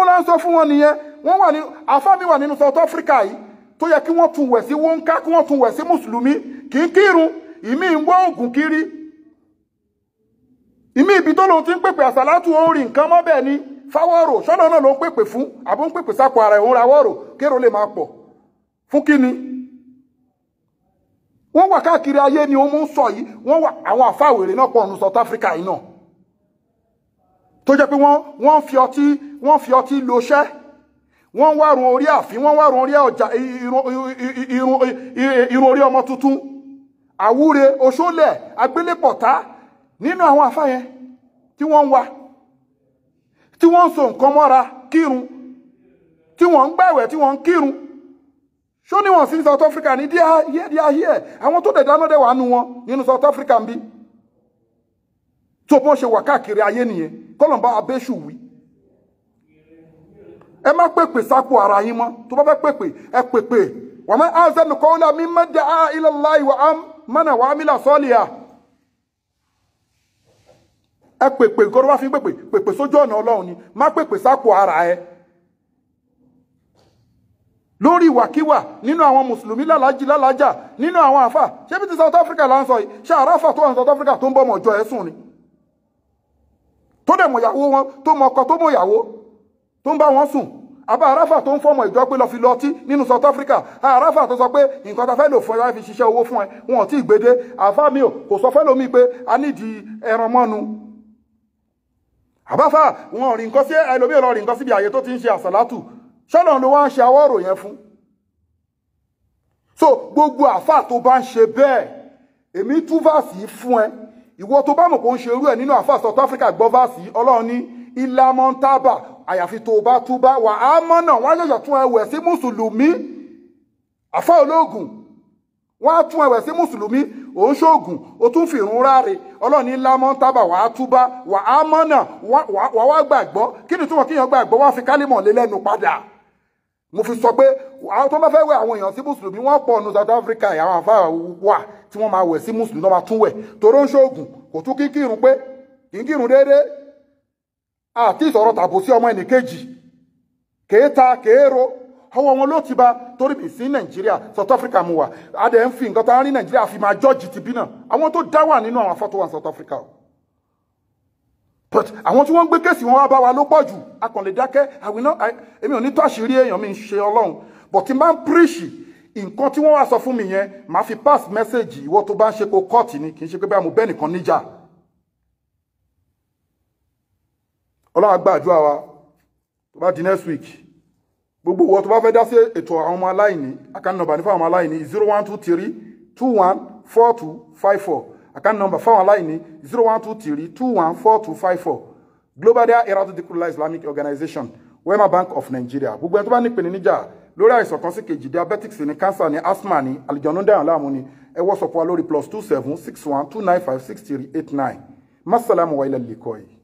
ó náà sọ fún wọn nìyẹn wọ́n wà ní àfáà mi wà nínú South Africa yìí tó yẹ kí wọ́n tún wẹ̀ sí wọ́nká kí wọ́n tún wẹ̀ sí mùsùlùmí kì í kírun ìmí ń wọ́n ògùn kiri ìmí ibi tó lòun ti ń pèpè àsàlátù òun rìn nǹkan mọ́ bẹ́ẹ̀ ni fáwọ́rò sọ́nà náà ló ń pèpè fún àbó ń pèpè sápò ara ìhun rawọ́rò kéèrò lè máa pọ̀ fún kí ni wọ́n wà káàkiri ayé ni òun mú sọ yìí wọ́n wà àwọn àfáwèrè náà pọ̀ nù South Africa yìí náà tó jẹ́ pé wọ́n wọ́n fi ọtí wọ́n fi ọtí lo iṣẹ́ wọ́n wá run orí àfin wọ́n wá run orí ọjà irun orí ọmọ tuntun àwúre oṣólẹ̀ agbélépọ̀tá nínú àwọn afá yẹn tí wọ́n ń wa tí wọ́n ń so nǹkan mọ́ra kírun tí wọ́n ń gbàwẹ̀ tí wọ́n ń kírun ṣó ní wọ́n sí ní South Africa ní díà yẹ díà yẹ àwọn tó dẹ̀ dáná dẹ̀ wà nù wọn nínú South Africa ń bí tó bọ́n ṣe wà káàkiri ayé nìyẹn kọ́lọ̀ ń bá abéṣù wí ẹ má pèpè sápò ara yín mọ́ tó bá fẹ́ pèpè ẹ pèpè wà má azanu kọ́ńdà mi má dá ila Allah wa am mánà wà á mílà sọ́ọ̀lìyà ẹ pèpè nǹkan bá fi pèpè pèpè sójú ọ̀nà ọlọ́run ni má pèpè sápò ara ẹ lórí ìwàkíwà nínú àwọn mùsùlùmí lálàájì lálàájà nínú àwọn àfà ṣé bí ti South Africa là ń sọ yìí ṣé àràfà tó wà ní South Africa tó ń bọ́ ọmọ ọjọ́ ni tó dẹ̀ mọ̀ tó ń bá wọn sùn àbá aráfà tó ń fọmọ ìjọ pé lọ fi lọtí nínú South Africa aráfà tó sọ pé nǹkan tá fẹ́ lò fún ẹ láti fi ṣiṣẹ́ owó fún ẹ wọn ò tí ì gbédé àfá mi ò kò sọ fẹ́ lómi pé a nídìí ẹran mọ́nu àbáfà wọn ò rí nǹkan sí ẹlòmí ò lọ rí nǹkan síbi àyè tó ti ń ṣe àsàlátù ṣọ́nà ló wá ń ṣe awọ́rò yẹn fún so gbogbo àfà tó bá ń ṣe bẹ́ẹ̀ èmi tú fàásì fún ẹ ìwọ tó bá mọ̀ pé ó ń ṣe irú ẹ̀ nínú àfà South Africa gbọ́ fàásì ọlọ́run ní ìlàmọ́ntàbà àyàfi tó o bá túbá wà á mọ́nà wọ́n á ṣẹ̀ṣẹ̀ tún ẹwẹ̀ sí mùsùlùmí àfọ́ olóògùn wọ́n á tún ẹwẹ̀ sí mùsùlùmí òun ṣoògùn ó tún fìrún ráre ọlọ́ọ̀ni ńlá mọ́ tábà wà á túbá wà á mọ́nà wà wá gbàgbọ́ kí ni túmọ̀ kíyàn gbàgbọ́ wá fi kálímọ̀ lé lẹ́nu padà mo fi sọ pé àwọn tó bá fẹ́ wẹ̀ àwọn èèyàn sí mùsùlùmí wọ́n pọ̀ ní South Africa àwọn àfa wà tí wọ́n máa wẹ̀ sí mùsùlùmí náà máa tún wẹ̀ torí ó ń ṣoògùn kò tún kí pé kì déédéé àti ìsọ̀rọ̀ tàbùsí ọmọ ẹnìkejì kéèta kéèrò ọwọ́ wọn ló ti ba torí bí sí nàìjíríà south africa mu wa adé ń fi nǹkan tá a rí nàìjíríà fi máa jọ́ọ̀jì ti bí náà àwọn tó dá wà nínú àwọn afọ́tò wa south africa o but àwọn tí wọ́n ń gbé kéèsì wọn wá bá wa ló pọ̀ jù a kàn lè dákẹ́ àwìnà èmi ò ní tó àṣírí èèyàn mi ń ṣe ọlọ́run but tí n bá ń píríṣì nǹkan tí wọ́n wá sọ fún mi yẹn màá fi pass message ìwọ tó bá ń ṣe kó kọ́ọ̀tì ni kì í ṣe pé bá mo bẹ́ẹ̀ nìkan níjà ọlọ́run gbàdúrà wa tó bá di next week gbogbo ìwọ tó bá fẹ́ dá sí ètò àwọn ọmọ aláìní account number ní fáwọn ọmọ aláìní zero one two three two one four two five four account number fáwọn aláìní zero one two three two one four two five four Global Dahiratu Dhikrlahi Islamic Organization Wema Bank of Nigeria gbogbo ẹni tó bá ní ìpinnu níjà lórí àìsàn kan sí kejì diabetics ní cancer ní asthma ni. àlùjọ̀nú dáhùn láàmú ni ẹ wọ́sọ̀pọ̀ lórí plus two seven six one two nine five six three eight nine masalamu wa ilẹ̀ lè kọ́ yìí.